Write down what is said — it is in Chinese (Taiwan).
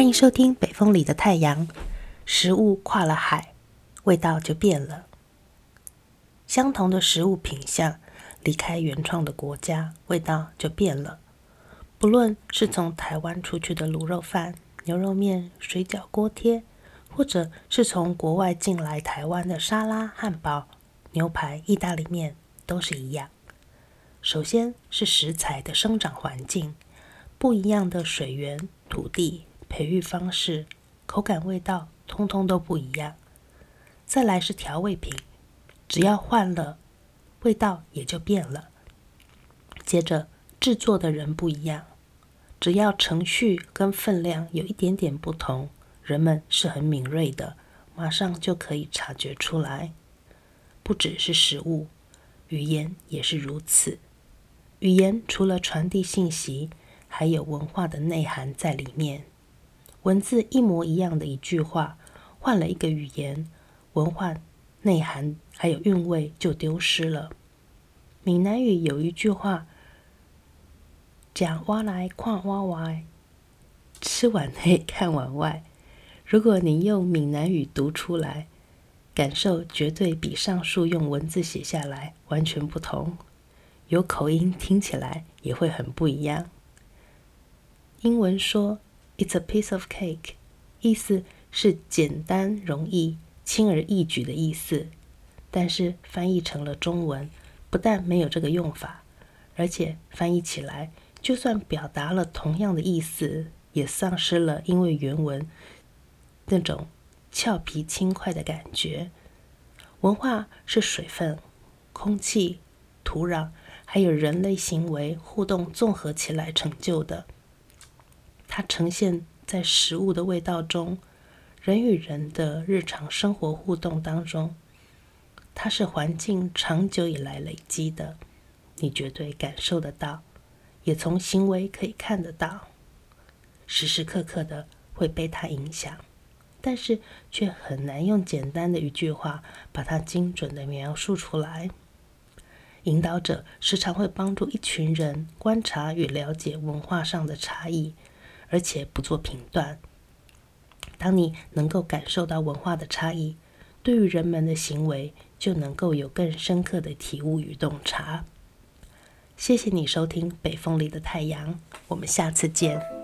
歡迎收聽《北風裡的太陽》。食物跨了海，味道就變了。相同的食物品相，離開原創的國家，味道就變了。不論是從台灣出去的滷肉飯、牛肉麵、水餃、鍋貼，或者是從國外進來台灣的沙拉、漢堡、牛排、意大利麵，都是一樣。首先是食材的生長環境，不一樣的水源、土地。培育方式、口感、味道，通通都不一樣。再來是調味品，只要換了，味道也就變了。接着制作的人不一樣，只要程序跟分量有一點點不同，人們是很敏銳的，馬上就可以察覺出來。不只是食物，語言也是如此。語言除了傳遞信息，還有文化的內涵在裡面。文字一模一樣的一句話，換了一個語言，文化內涵還有韻味就丟失了。閩南語有一句話：“講挖來看挖外，吃碗內看碗外。”如果您用閩南語讀出來，感受絕對比上述用文字寫下來完全不同，有口音聽起來也會很不一樣。英文說。It's a piece of cake，意思是簡單、容易、輕而易舉的意思。但是翻譯成了中文，不但沒有這個用法，而且翻譯起來就算表達了同樣的意思，也喪失了因為原文那種俏皮輕快的感覺。文化是水分、空氣、土壤，還有人類行為互動綜合起來成就的。它呈現在食物的味道中，人與人的日常生活互動當中，它是環境長久以來累積的。你絕對感受得到，也從行為可以看得到，時時刻刻的會被它影響，但是卻很難用簡單的一句話把它精準地描述出來。引導者時常會幫助一群人觀察與了解文化上的差異。而且不做評斷。當你能夠感受到文化的差異，對於人們的行為就能夠有更深刻的體悟與洞察。謝謝你收聽《北風裡的太陽》，我們下次見。